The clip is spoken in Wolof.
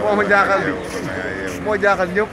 moo ma jaaxal bi moo jaaxal ñëpp.